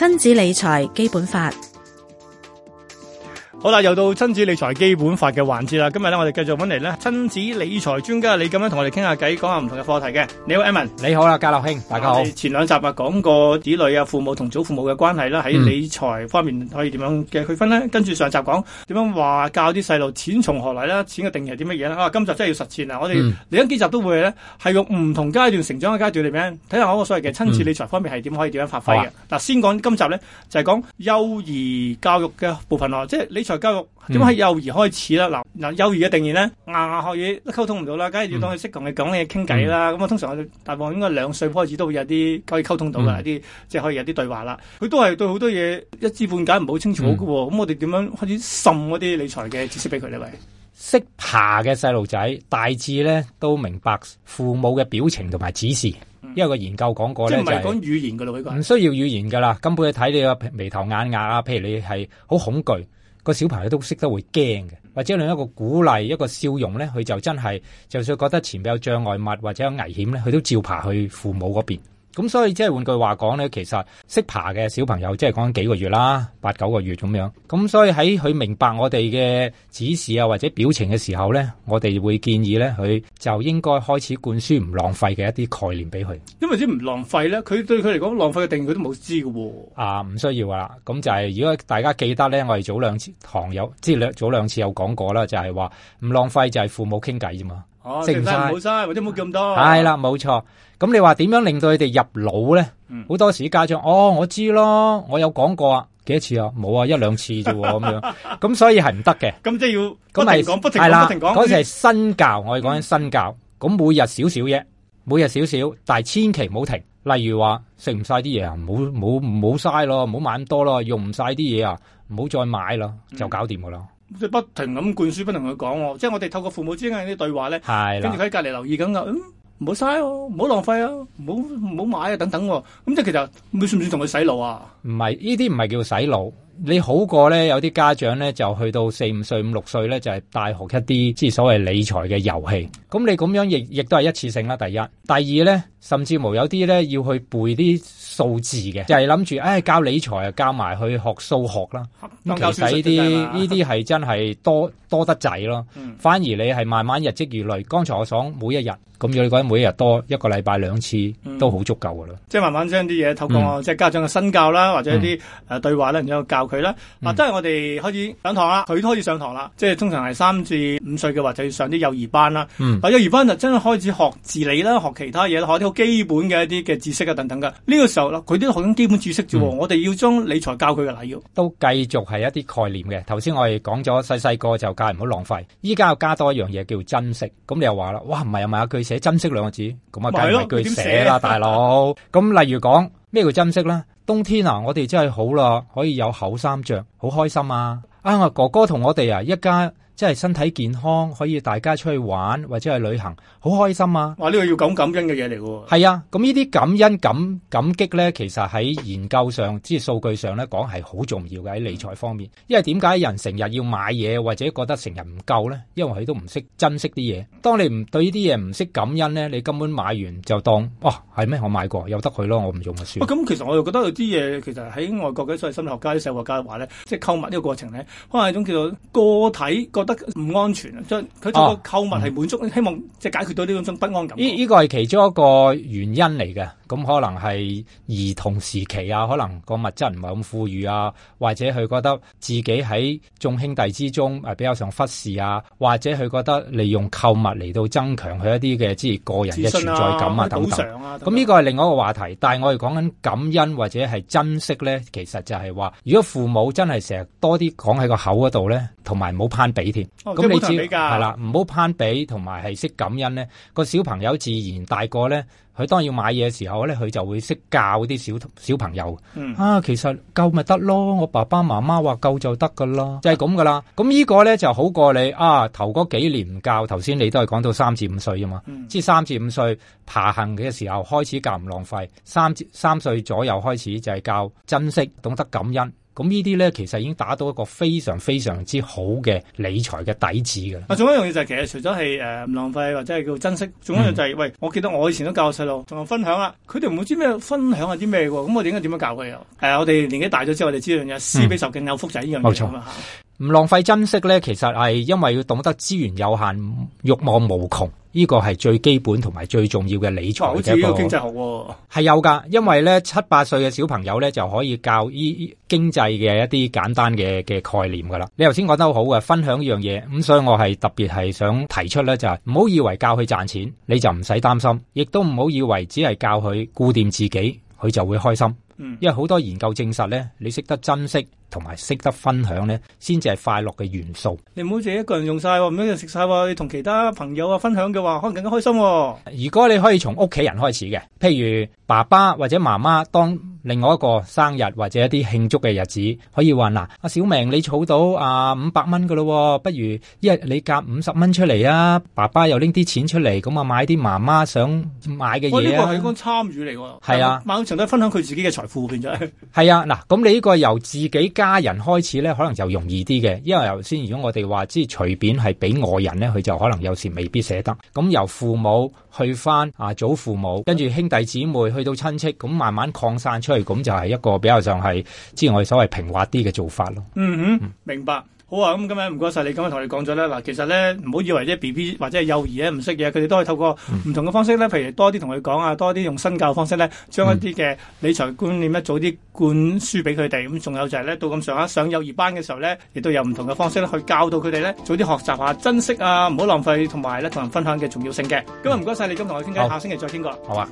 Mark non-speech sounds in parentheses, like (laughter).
《親子理財基本法》好啦，又到親子理財基本法嘅環節啦。今日咧，我哋繼續揾嚟咧，親子理財專家你咁樣我聊聊聊聊同我哋傾下偈，講下唔同嘅課題嘅。你好，Emman，你好啦，家樂兄，大家好。前兩集啊，講過子女啊，父母同祖父母嘅關係啦，喺理財方面可以點樣嘅區分呢？跟住、嗯、上集講點樣話教啲細路錢從何嚟啦？錢嘅定義係啲乜嘢咧。今集真係要實踐啦。我哋嚟緊幾集都會咧，係用唔同階段成長嘅階段裏面，睇下我個所謂嘅親子理財方面係點可以點樣發揮嘅。嗱、嗯，啊、先講今集咧，就係講幼兒教育嘅部分咯，即係你。教育點解喺幼兒開始啦？嗱嗱、嗯啊，幼兒嘅定義咧，牙、啊、牙學嘢都溝通唔到啦，梗係要當佢識同你講嘢傾偈啦。咁啊，通常我哋大部分應該兩歲開始都會有啲可以溝通到噶，啲即係可以有啲對話啦。佢都係對好多嘢一知半解，唔好清楚嘅。咁、嗯啊嗯、我哋點樣開始滲嗰啲理財嘅知識俾佢呢？位識爬嘅細路仔，大致咧都明白父母嘅表情同埋指示，嗯、因為個研究講過咧，唔係講語言噶咯，唔需要語言噶啦，根本係睇你個眉頭眼額啊。譬如你係好恐懼。個小朋友都識得會驚嘅，或者另一個鼓勵，一個笑容咧，佢就真係就算覺得前面有障礙物或者有危險咧，佢都照爬去父母嗰邊。咁所以即係換句話講咧，其實識爬嘅小朋友即係講緊幾個月啦，八九個月咁樣。咁所以喺佢明白我哋嘅指示啊或者表情嘅時候咧，我哋會建議咧，佢就應該開始灌輸唔浪費嘅一啲概念俾佢。因為啲唔浪費咧，佢對佢嚟講浪費嘅定義佢都冇知㗎喎。啊，唔、啊、需要啦。咁就係如果大家記得咧，我哋早兩次堂有，即係兩早兩次有講過啦，就係話唔浪費就係父母傾偈啫嘛。哦，食唔晒，冇晒，或者冇咁多，啊。係啦，冇錯。咁你話點樣令到佢哋入腦咧？好，嗯，多時家長，哦，我知咯，我有講過啊，幾多次啊？冇啊，一兩次啫，咁 (laughs) 樣。咁所以係唔得嘅。咁即係要不停講，就是，不停講。嗰了時係新教，我哋講緊新教。咁，嗯，每日少少嘢，每日少少，但係千祈唔好停。例如話食唔晒啲嘢啊，冇唔好嘥咯，唔好買咁多咯，用唔晒啲嘢啊，唔好再買囉，就搞掂噶啦。嗯即係不停咁灌輸，不停去講喎。即係我哋透過父母之間啲對話咧，跟住喺隔離留意緊噶。嗯，唔好嘥喎，唔好浪費啊，唔好買啊等等喎。咁即係其實你算唔算同佢洗腦啊？唔係，呢啲唔係叫洗腦。你好過咧，有啲家長咧就去到四五歲、五六歲咧，就係、是、大學一啲即係所謂理財嘅遊戲。咁你咁樣亦亦都係一次性啦。第一，第二咧，甚至乎有啲咧要去背啲數字嘅，就係諗住，唉、哎，教理財啊，教埋去學數學啦。其實呢啲呢啲係真係多多得滯咯。嗯、反而你係慢慢日積月累。剛才我講每一日，咁如果你覺得每一日多一個禮拜兩次，都好足夠噶啦。嗯、即係慢慢將啲嘢透過即係家長嘅身教啦，嗯、或者一啲誒對話咧，然之後、嗯、教。佢咧嗱，即係、嗯啊、我哋開始上堂啦，佢都開始上堂啦。即係通常係三至五歲嘅話，就要上啲幼兒班啦。嗯，幼兒班就真係開始學自理啦，學其他嘢，學啲好基本嘅一啲嘅知識啊，等等噶。呢、這個時候啦，佢啲學緊基本知識啫，嗯、我哋要將理財教佢嘅禮要。都繼續係一啲概念嘅。頭先我哋講咗細細個就教人唔好浪費，依家，又加多一樣嘢叫珍惜。咁你又話啦，哇，唔係啊嘛，佢寫、啊、珍惜兩個字，咁啊，梗係佢寫啦，大佬。咁 (laughs) 例如講咩叫珍惜啦？冬天啊，我哋真係好啦，可以有厚衫着，好開心啊！啊、哎，哥哥同我哋啊，一家。即係身體健康，可以大家出去玩或者去旅行，好開心啊！哇、啊！呢、這個要感恩、啊嗯、感恩嘅嘢嚟㗎喎。係啊，咁呢啲感恩感感激咧，其實喺研究上、即係數據上咧講係好重要嘅喺理財方面。因為點解人成日要買嘢或者覺得成日唔夠咧？因為佢都唔識珍惜啲嘢。當你唔對呢啲嘢唔識感恩咧，你根本買完就當哦，係、啊、咩？我買過由得佢咯，我唔用就算。咁、啊嗯、其實我又覺得有啲嘢其實喺外國嘅所謂心理學家啲社會學家話咧，即係購物呢個過程咧，可能係一種叫做個體唔安全，所以佢通過購物係滿足，哦嗯、希望即係解決到呢種不安感。呢、呢個係其中一個原因嚟嘅。咁可能係兒童時期啊，可能個物質唔係咁富裕啊，或者佢覺得自己喺眾兄弟之中，比較上忽視啊，或者佢覺得利用購物嚟到增強佢一啲嘅，即係個人嘅存在感啊等等。咁呢、啊啊、個係另外一個話題，但係我哋講緊感恩或者係珍惜咧，其實就係話，如果父母真係成日多啲講喺個口嗰度咧，同埋唔好攀比添。咁你知係啦，唔好攀比，同埋係識感恩咧，個小朋友自然大個咧。佢當然要買嘢嘅時候咧，佢就會識教啲小小朋友。嗯、啊，其實夠咪得咯，我爸爸媽媽話夠就得噶啦，就係咁噶啦。咁呢個咧就好過你啊，頭嗰幾年不教，頭先你都係講到三至五歲啊嘛，嗯、即係三至五歲爬行嘅時候開始教唔浪費，三至三歲左右開始就係教珍惜，懂得感恩。咁呢啲咧，其實已經打到一個非常非常之好嘅理財嘅底子嘅。啊，仲有一樣嘢就係、是、其實除咗係誒唔浪費或者係叫做珍惜，仲有一樣就係、是，嗯、喂，我記得我以前都教細路，同我分享啦，佢哋唔會知咩分享係啲咩喎，咁我點解點樣教佢啊？係、呃、我哋年紀大咗之後，我哋知道有，施、嗯、比受更有福仔呢樣嘢。冇錯。唔浪費珍惜呢，其實係因為要懂得資源有限，欲望無窮，呢個係最基本同埋最重要嘅理財嘅一個經濟學喎。係有噶，因為呢，七八歲嘅小朋友呢，就可以教依經濟嘅一啲簡單嘅嘅概念噶啦。你頭先講得好好嘅，分享呢樣嘢，咁所以我係特別係想提出呢，就係唔好以為教佢賺錢，你就唔使擔心，亦都唔好以為只係教佢顧掂自己。佢就會開心，因為好多研究證實咧，你識得珍惜同埋識得分享咧，先至係快樂嘅元素。你唔好自己一個人用晒喎，每人食晒喎，你同其他朋友啊，分享嘅話，可能更加開心，哦。如果你可以從屋企人開始嘅，譬如爸爸或者媽媽當。另外一個生日或者一啲慶祝嘅日子，可以話，嗱，阿小明你儲到啊五百蚊噶咯，不如一日你夾五十蚊出嚟啊，爸爸又拎啲錢出嚟，咁啊買啲媽媽想買嘅嘢。我呢個係講參與嚟，係啊，某程度都分享佢自己嘅財富，變咗係。係啊，嗱，咁你呢個由自己家人開始咧，可能就容易啲嘅，因為頭先如果我哋話即係隨便係俾外人咧，佢就可能有時未必捨得。咁由父母去翻啊祖父母，跟住兄弟姊妹去到親戚，咁慢慢擴散出。咁就係一個比較上係，之前我哋所謂平滑啲嘅做法咯。嗯哼，嗯，明白。好啊，咁今日唔該晒，你咁樣同我哋講咗咧。嗱，其實咧，唔好以為咧 BB 或者係幼兒咧唔識嘢，佢哋都可以透過唔同嘅方式咧，嗯、譬如多啲同佢講啊，多啲用身教方式咧，將一啲嘅理財觀念咧，早啲灌輸俾佢哋。咁仲有就係、是、咧，到咁上下上幼兒班嘅時候咧，亦都有唔同嘅方式去教導佢哋咧，早啲學習啊，珍惜啊，唔好浪費，同埋咧，同人分享嘅重要性嘅。今日唔該晒你咁同我傾偈，好下星期再傾過。好啊。